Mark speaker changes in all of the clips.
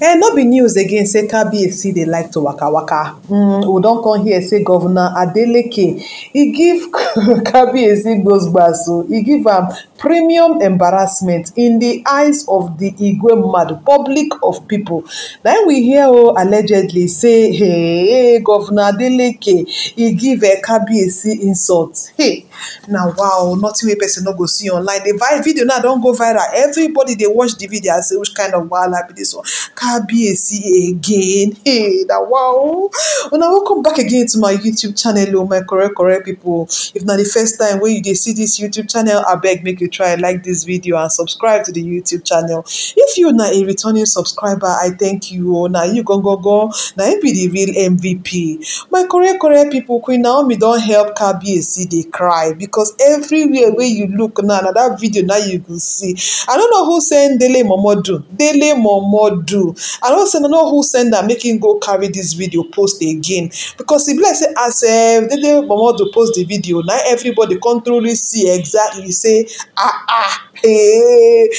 Speaker 1: Eh, no be news again say kbac dey like to waka waka mm, we don come here. say governor adeleke e give kbac gbosgbas o e give am premium embarrassment in the eyes of the igwe Mad public of people. na we hear o allegedly say hey, governor adeleke e give eh, kbac insult hey na wow nothing wey person no go see online the video now don go viral everybody dey watch the video and say which kind of wahala be this one hey be asi again nah welcome back again to my youtube channel oh, my correct correct pipo if na the first time wey you dey see dis youtube channel abeg make you try like dis video and subscribe to di youtube channel if you na a returning subscriber i thank you oh, na you go go go you be the real mvp my correct correct pipo queen naomi ol don help kabe dey cry becos everywhere wey you look now na that video na you go see i no know who send dele momodu dele momodu i don say na no who send that make him go carry this video post again because e be like say as eh, dele to post the video now everybody come truly see exactly say ah ah hey eh.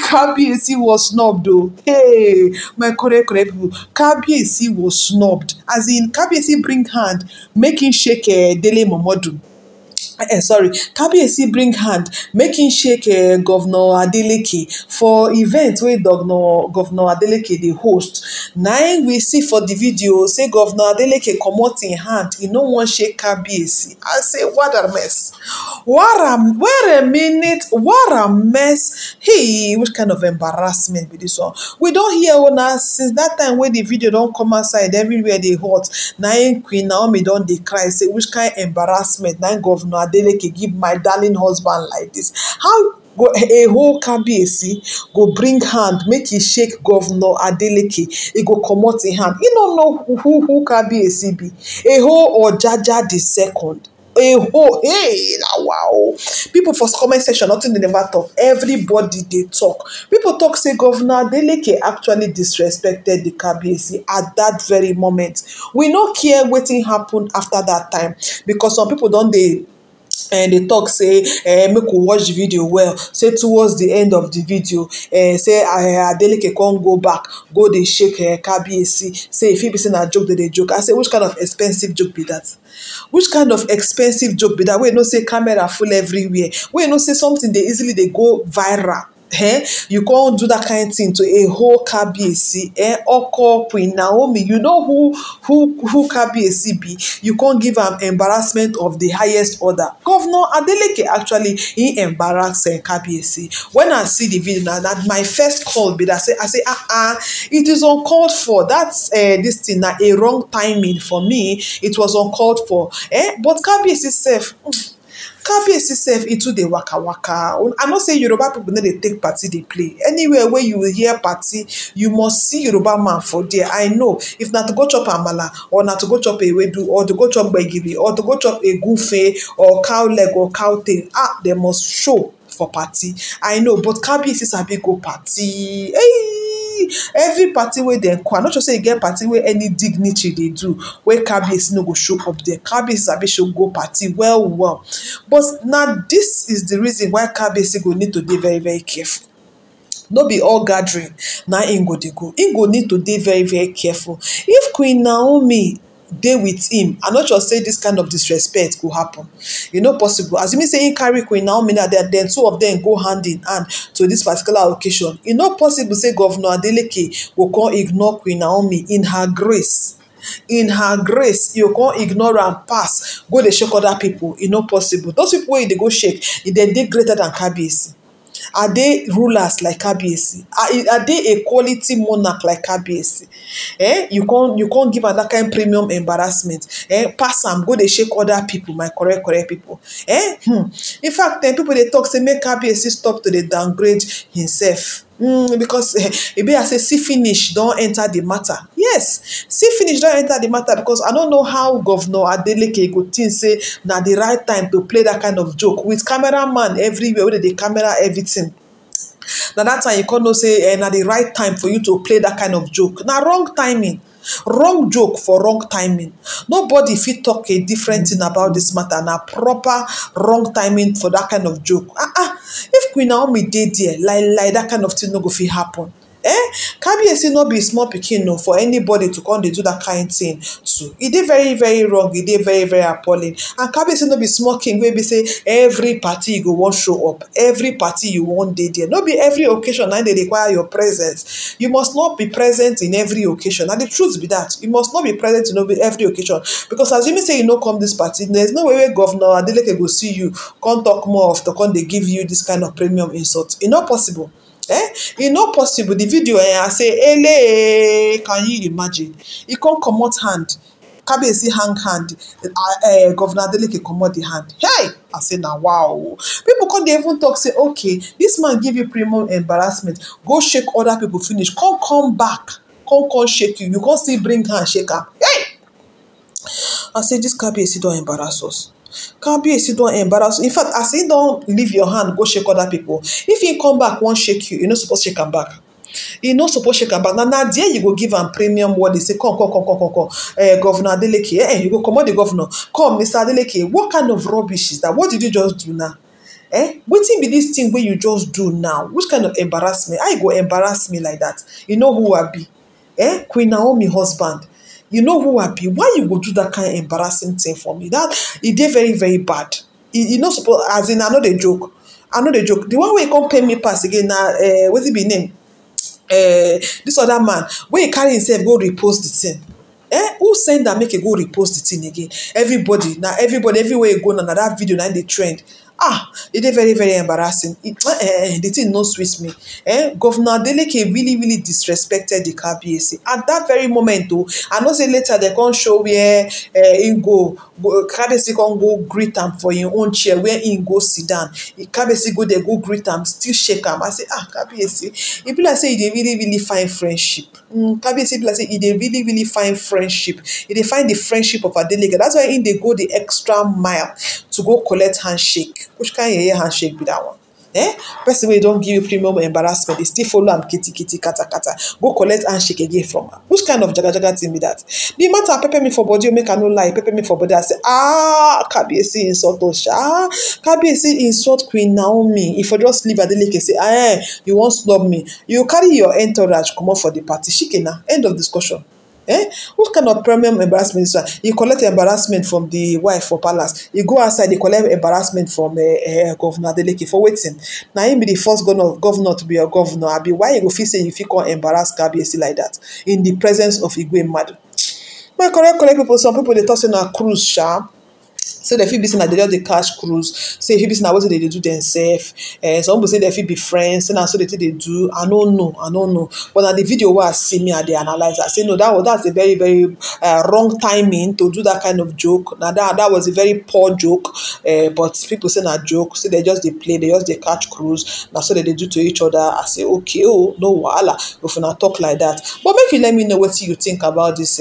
Speaker 1: KBC was snubbed though hey my correct correct people kabiyesi was snubbed as in KBC bring hand making make him shake eh, dele momodu uh, sorry kabiyesi bring hand make him shake uh, governor adeleke for event wey governor governor adeleke dey host na im we see for di video say governor adeleke comot im hand He no wan shake kabiyesi i say what a mess what a wait a minute what a mess hey which kind of embarrassment be this one we don hear una oh, since that time wey the video don come outside everywhere dey hot na im queen naomi don dey cry say which kind embarrassment na im governor Adeleke give my darling husband like this? How go a whole kabiyesi go bring hand make he shake governor adeleke He go come out in hand don't know who who kabiyesi be a whole Jaja the second a whole hey wow people for comment section nothing the never talk everybody they talk people talk say governor adeleke actually disrespected the kabiyesi at that very moment we no care what happened after that time because some people don't they. And they talk say eh, make we watch di video well say towards the end of the video eh, say eh, adeleke can't go back go they shake her kabiyesi say if he be say a joke they dey joke i say which kind of expensive joke be that? which kind of expensive joke be that? wey you know say camera full everywhere wey you know say something They easily they go viral eh, you can't do that kind of thing to a whole KBAC, eh, Oko, Queen Naomi, you know who who who KBAC be, you can't give an embarrassment of the highest order. Governor Adeleke actually, he embarrassed eh, KBAC. When I see the video now, that my first call be that say, I say, ah, uh-uh, ah, it is uncalled for. That's uh, eh, this thing, uh, a wrong timing for me. It was uncalled for. Eh? But KBAC self, mm, Kabiyesi sef e too dey waka waka i know say yoruba people no dey take party dey play anywhere wey you hear party you must see yoruba man for there i know if na to go chop amala or na to go chop ewedu or to go chop gbegiri or to go chop egufe or cow leg or cow tail ah dem must show for party i know but kabiyesi sabi go party hey see every party wey dem call not no sure say e get party wey any dignity dey do wey kabiyesi no go show up there kabiyesi sabi show go party well well but na this is the reason why kabiyesi go need to dey very very careful no be all gathering na im go dey go im go need to dey very very careful if queen naomi dey with him i no sure say this kind of disrespect go happen e no possible assuming say him carry queen naomi na then two of them go hand in hand to this particular occasion e no possible say governor adeleke go come ignore queen naomi in her grace in her grace you con ignore am pass go dey shake other people. e no possible those people wey e dey go shake e dey dey greater than kabiyesi Are they rulers like Kabiyesi? Are, are they a quality monarch like Kabiyesi? Eh? You can't you can't give another kind of premium embarrassment. Eh? Pass am go dey shake other people, my correct correct people. Eh? Hmm. In fact, then people dey talk say make Kabiyesi stop to dey downgrade himself mm, because e eh, be as say see finish don enter the matter yes see finish don enter the matter because i no know how governor adeleke go think say na the right time to play that kind of joke with cameraman everywhere wey dey dey camera everything. na that time you con know say eh, na the right time for you to play that kind of joke na wrong timing wrong joke for wrong timing nobody fit talk a different thing about this matter na proper wrong timing for that kind of joke ah ah if queen naomi dey there like like that kind of thing no go fit happen eh kabiyesi no be small pikin o for anybody to come dey do that kind thing too e dey very very wrong e dey very very appalling and kabiyesi no be small king wey be say every party you go wan show up every party you wan dey there no be every occasion na dey require your presence you must not be present in every occasion na the truth be that you must not be present in every occasion because as you assuming say you no come this party there is no way wey governor adeleke go see you come talk more of to come dey give you this kind of premium insult e no possible eh e no possible the video eh i say ele can you imagine e come comot hand kabiyesi hang hand ah, eh, governor adeleke comot the hand hey i say na wow People come dey even talk say okay this man give you premium embarrassment go shake other people finish come come back come come shake you you come still bring hand shake am hey i say this kabiyesi don embarrass us Kabiyesi don embarrass in fact as he don leave your hand go shake other people if he come back wan shake you you no suppose shake am back you no suppose shake am back na na there you go give am premium word say come come come come come come eh governor adeleke eh, eh you go comot the governor come mr adeleke what kind of rubbish is that what did you just do now eh wetin be dis thing wey you just do now which kind of embarrassment how you go embarrass me like that you know who i be eh queen naomi husband you know who i be why you go do that kind embarrassing thing for me that e dey very very bad e know e no suppose as in i no dey joke i no dey joke the one wey come pay me pass again na eh, wetin be name eh, this other man wey carry himself go repost the thing eh, who send am make e go repost the thing again everybody na everybody everywhere e go na na that video na im dey trend. ah e dey very very embarrassing e eh, the thing no sweet me eh, governor adeleke really really disrespected the kbac at that very moment o i know say later they come show where eh, im go kbac come go greet am for im own chair where im go sit down kbac go there go greet am still shake am i say ah kbac e be like say e dey really really find friendship mm, kbac be like say e dey really really find friendship e dey find the friendship of adeleke that's why im dey go the extra mile to go collect handshake which kind of handshake be that one eh person wey don give you premium embarrassment dey still follow am kitikiti katakata go collect handshake again from am which kind of jagajaga thing be that the matter pepper me for body o make i no lie pepper me for body i say ah kabiyesi insult o sha ah, kabiyesi insult queen naomi if i just leave adeleke say ah eh you wan snub me you carry your entourage comot for the party shikena end of discussion eh what kind of premium embarrassment is that he collect embarrassment from the wife for palace You go outside You collect embarrassment from uh, uh, governor adeleke for waiting. Now him be the first governor, to be a governor abi why you go feel say you fit embarrass kabiyesi like that in the presence of igwe madu my correct correct people some people dey toss in a cruise sha say dey fit be na dey just dey catch cruise say fit be na wetin dey dey do demsef eh, people say dey fit be friends say na so dey dey do i no know i no know but na di video wey i see me i dey analyse i say no that was that's a very very eh, wrong timing to do that kind of joke na that that was a very poor joke eh, but pipo say na joke say dey just dey play dey just dey catch cruise na so dey do to each other i say okay o oh, no wahala if una talk like dat but make you let me know wetin you think about dis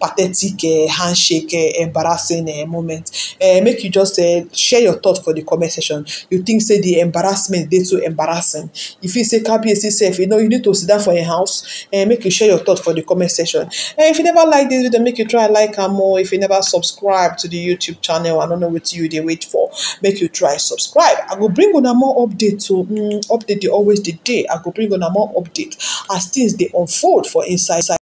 Speaker 1: pathetic handshake embarassing moment. comment uh, eh, make you just uh, share your thoughts for the comment section you think say the embarrassment they too embarrassing If you say kabiyesi safe, you know you need to sit down for your house uh, make you share your thoughts for the comment section uh, if you never like this video make you try like am more. Oh. if you never subscribe to the youtube channel i don't know what you they wait for make you try subscribe i will bring a more update to mm, update the always the day i will bring a more update as things they unfold for inside.